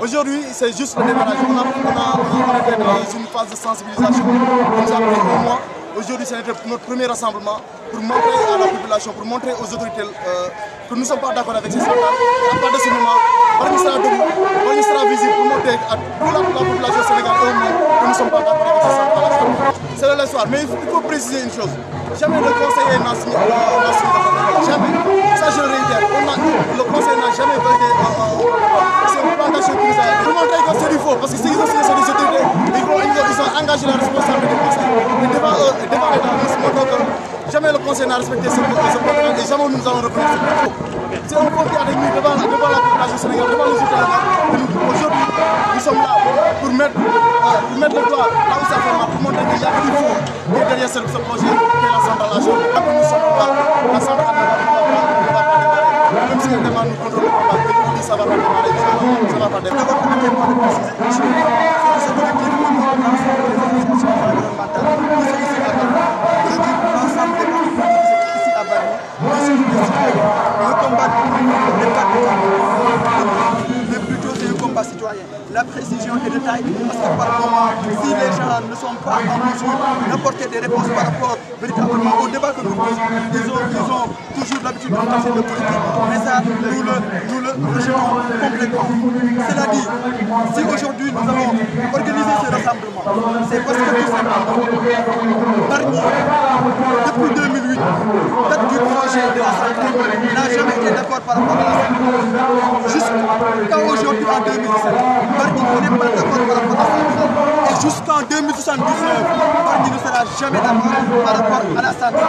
Aujourd'hui, c'est juste le démarrage. On a, on a, fait une phase de sensibilisation. Nous pris un mois. Aujourd'hui, c'est notre premier rassemblement pour montrer à la population, pour montrer aux autorités que nous ne sommes pas d'accord avec ces soldats. À partir de ce moment, on sera debout, on sera visible pour montrer à toute la, population sénégalaise que nous ne sommes pas d'accord avec ces soldats. C'est le soir. Mais il faut, préciser une chose. Jamais le conseil n'a signé Jamais. Ça, je le réitère. le conseil n'a jamais voté. Euh, information comme ça. Tout le monde dit que c'est du faux, parce que c'est des autorités. Ils ont engagé la responsabilité du Conseil. Mais devant eux, devant l'État, c'est montre que euh, euh, jamais le Conseil n'a respecté ce contrat et jamais nous allons reconnaître ce C'est un pont qui a devant, devant la population sénégalaise, devant les citoyens. Aujourd'hui, nous sommes là pour mettre, euh, pour mettre le doigt là où ça fait mal, pour montrer qu'il y a du faux derrière ce projet qui est l'assemblage. Nous sommes là Le combat n'est pas La précision et le taille parce que par moment, si les gens ne sont pas en mesure d'apporter des réponses par rapport véritablement au débat que nous posons, ils ont, toujours l'habitude de passer le politique. Mais ça, nous le, nous rejetons complètement. Cela dit, si aujourd'hui nous avons organisé ce rassemblement, c'est parce que tout simplement, parmi, depuis 2008, date du projet de la santé n'a jamais été d'accord par rapport à la santé. Jusqu'à aujourd'hui, en 2017, parti n'est pas d'accord par rapport à la santé. Et jusqu'en 2079, parti ne sera jamais d'accord par rapport à la santé.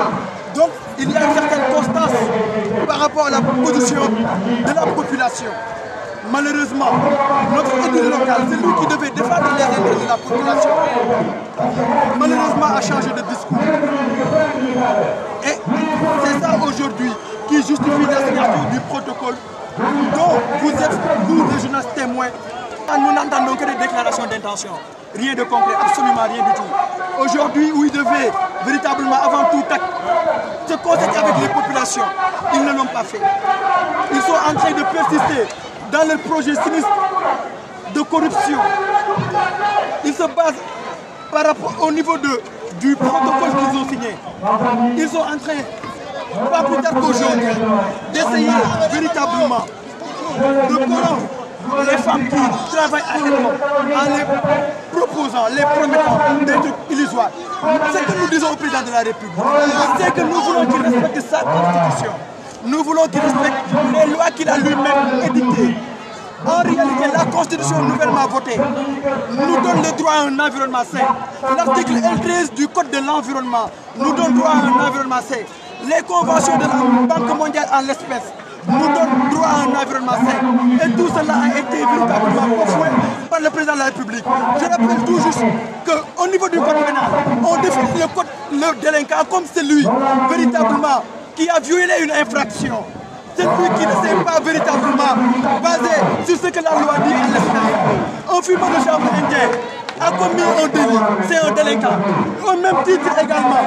Donc, il y a une certaine constance par rapport à la position de la population. Malheureusement, notre élu local, c'est lui qui devait défendre les intérêts de la population, malheureusement a changé de discours justifie la signature du protocole dont vous êtes, vous, les jeunes témoins. Nous n'entendons que des déclarations d'intention. Rien de complet absolument rien du tout. Aujourd'hui, où ils devaient véritablement, avant tout, se concerter avec les populations, ils ne l'ont pas fait. Ils sont en train de persister dans leur projet sinistre de corruption. Ils se basent par rapport au niveau de, du protocole qu'ils ont signé. Ils sont en train pas plus tard qu'aujourd'hui, d'essayer véritablement de prendre les femmes qui travaillent à en les proposant, les promettant des trucs illusoires. C'est ce que nous disons au président de la République. C'est que nous voulons qu'il respecte sa constitution. Nous voulons qu'il respecte les lois qu'il a lui-même éditées. En réalité, la constitution nouvellement votée nous donne le droit à un environnement sain. L'article L13 du Code de l'environnement nous donne droit à un environnement sain les conventions de la Banque mondiale en l'espèce nous donnent droit à un environnement sain. Et tout cela a été véritablement par le président de la République. Je rappelle tout juste qu'au niveau du code pénal, on définit le, code, le délinquant comme celui véritablement qui a violé une infraction. C'est lui qui ne sait pas véritablement basé sur ce que la loi dit en l'espèce. Un fumeur de chambre indien a commis un délit, c'est un délinquant. Au même titre également,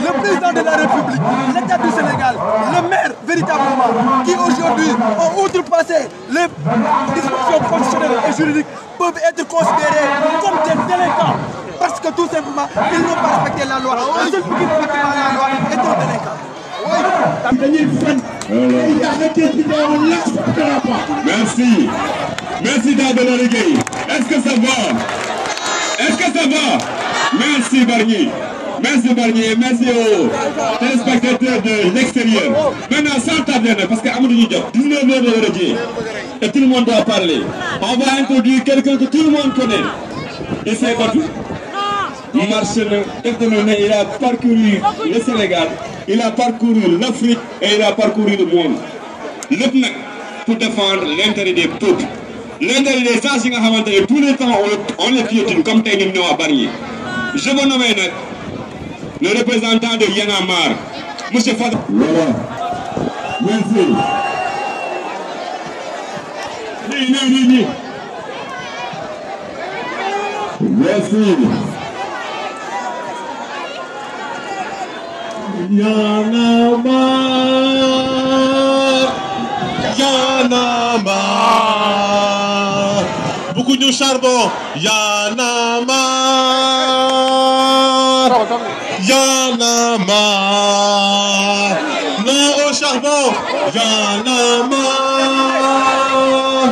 le président de la République, l'État du Sénégal, le maire véritablement, qui aujourd'hui ont outrepassé les dispositions constitutionnelles et juridiques, peuvent être considérés comme des délinquants. Parce que tout simplement, ils n'ont pas respecté la loi. Le seul qui respecte la loi est un délinquant. Merci. Merci d'abord Est-ce que ça va est-ce que ça va Merci Barnier. Merci Barnier, merci aux téléspectateurs de l'extérieur. Maintenant, sans tarder, parce qu'Amadou Diop, 19 heures de l'heure et tout le monde doit parler. On va introduire quelqu'un que tout le monde connaît. Il c'est battu. Marcel il a parcouru le Sénégal, il a parcouru l'Afrique et il a parcouru le monde. L'OPNAC pour défendre l'intérêt des peuples l'un des sens yi nga xamante et tous les temps on les piétine comme tey une ñoo bari je vous nomme nag le représentant de Yanamar, a monsieur Fadel. voilà merci. nii nii merci. du charbon. Yanamar. Yanamar. Non au charbon. Yanamar.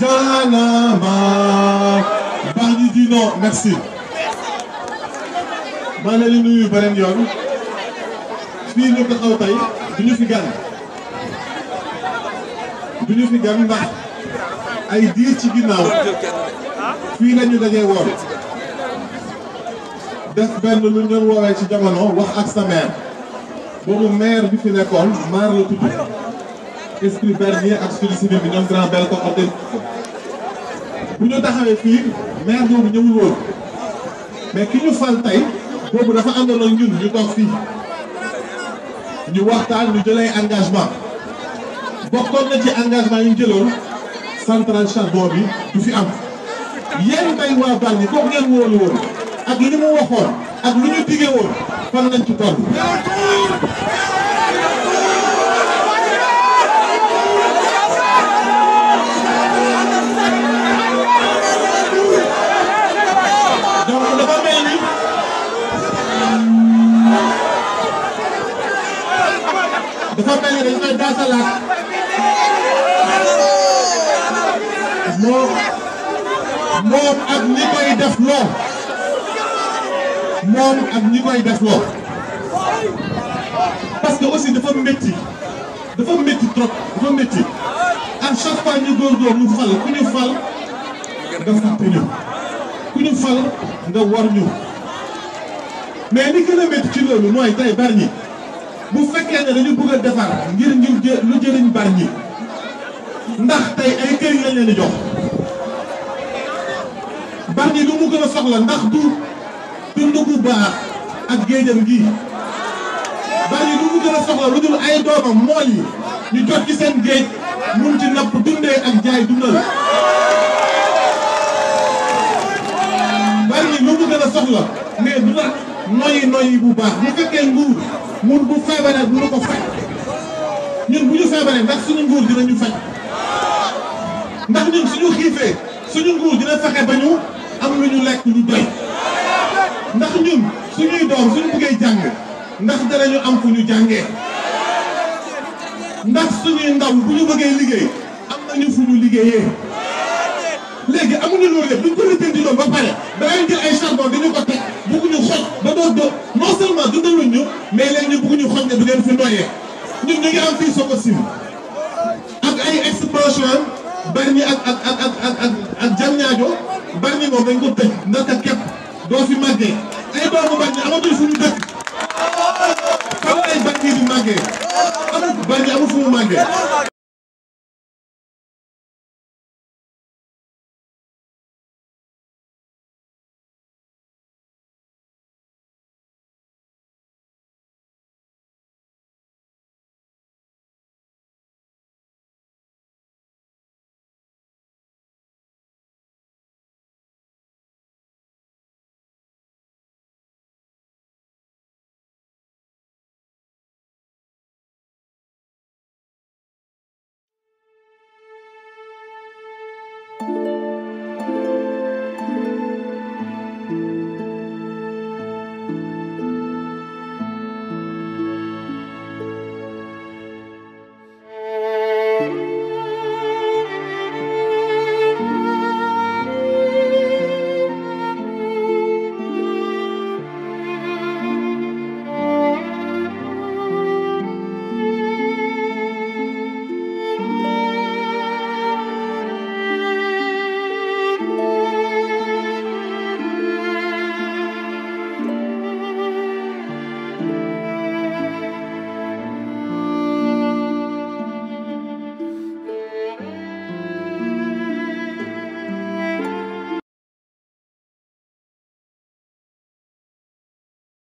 Yanamar. Bardi dit non. Merci. maa ngi leen di nuyu beneen yoon fii ñu taxaw tey du ñu fi ay diir ci ginnaaw fii lañu dajee woon def benn lu ñu doon woowee ci jamono wax ak sa maire boobu maire bi fi nekkoon maar la tudd esprit bernier ak suñu civil bi ñoom grand bel ko xoteel bu ñu taxawee fii maire boobu ñëwul woon mais ki ñu fal tey boobu dafa àndoon ak ñun ñu toog fii ñu waxtaan ñu jëlee engagement bokkoon na ci engagement yi ñu centrale charbon bi du fi am yéen tey waa Bargny kooku ngeen wóolu woon ak li mu waxoon ak lu ñu digee woon fan lañ ci toll. dafa mel ni dañ koy daasalaat moom ak ñi koy def loo moom ak ñi koy def loo parce que aussi dafa métti dafa métti trop dafa métti à chaque fois ñu góor ñu fal ku ñu fal nga fàtte ñu ku ñu fal nga war ñu mais li gën a métti ci loolu mooy tey Bargny bu fekkee ne dañu bëgg a defar ngir ñu lu jëriñ Bargny ndax tey ay këriñ lañ leen di jox ndax ni lu mu gën a soxla ndax du dund gu baax ak géejam gi bari lu mu gën a lu dul ay doomam mool yi ñu jot ci seen géej mun ci napp dundee ak jaay dundal bari lu mu gën a soxla du nag noyyi noyyi bu baax bu fekkee nguur mun bu feebaree bu nu ko faj ñun bu ñu feebaree ndax suñu nguur dinañu faj ndax ñun suñu xiifee suñu nguur dina fexe ba am lu ñu lekk lu doy ndax ñun suñuy doom suñu bëggee jàng ndax ñu am fu ñu jàngee ndax suñuy ndaw bu ñu bëggee liggéey am nañu fu ñu liggéeyee léegi amuñu loolu lépp duñ ko lijjanti loolu ba pare danañ jël manqué. Barke amul